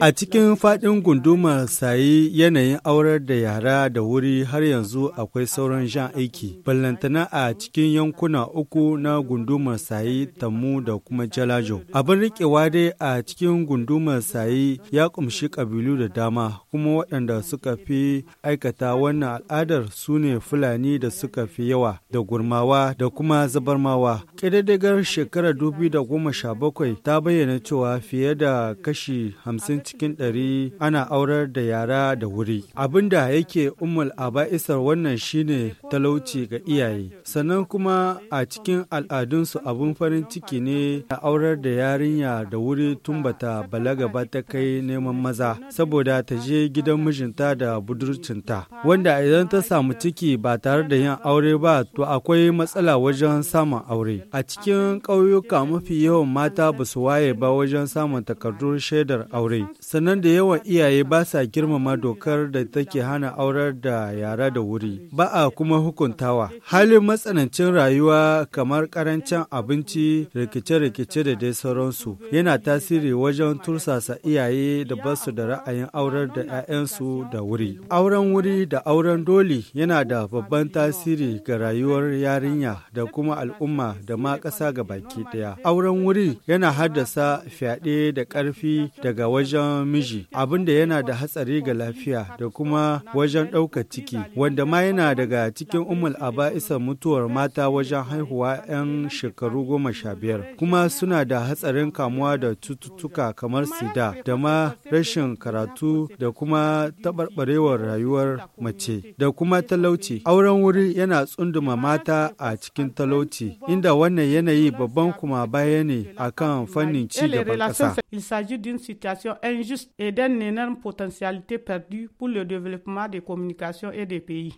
A cikin faɗin gundumar sayi yanayin aurar da yara da wuri har yanzu akwai sauran jan aiki. Ballantana a cikin yankuna uku na gundumar sayi tamu da kuma jalajo. Abin riƙewa dai a cikin gundumar sayi ya kumshi ƙabilu da dama kuma waɗanda suka fi aikata wannan al'adar su ne Fulani da suka fi yawa da gurmawa da kuma zabarmawa. Ƙididdigar shekarar 2017 ta bayyana cewa fiye Kada da kashi hamsin cikin ɗari ana aurar da yara da wuri. Abin da yake umul aba'isar wannan shine talauci ga iyaye. Sannan kuma a cikin al'adunsu abin farin ciki ne a aurar da yarinya da wuri tun bata balaga ba ta kai neman maza saboda ta je gidan mijinta da budurcinta. Wanda idan ta samu ciki ba tare da yin aure ba to akwai matsala wajen samun aure. A cikin ƙauyuka mafi yawan mata ba su waye ba wajen samun takardun shaidar aure. Sannan da yawan iyaye ba sa girmama dokar da take hana aurar da yara da wuri. Ba a kuma hukuntawa. Halin matsanancin rayuwa kamar karancin abinci, rikice-rikice da dai sauransu yana tasiri wajen tursasa iyaye da basu da ra'ayin aurar da 'ya'yansu da wuri. Auren wuri da auren doli yana da babban tasiri ga rayuwar yarinya da kuma al'umma da ma ƙasa ga baki ɗaya. Auren wuri yana haddasa fyaɗe da ƙarfi daga wajen miji abin da yana da hatsari ga lafiya da kuma wajen ɗauka ciki wanda ma yana daga cikin umul aba'isa mutuwar mata wajen haihuwa 'yan shekaru goma sha biyar kuma suna da hatsarin kamuwa da cututtuka kamar sida da ma rashin karatu da kuma taɓarɓarewar rayuwar mace da kuma talauci auren wuri yana tsunduma mata a cikin talauci inda wannan yanayi babban kuma baya ne akan fannin ci gaban ƙasa il s'agit d'une situation injuste et d'une énorme potentialité perdue pour le développement des communications et des pays.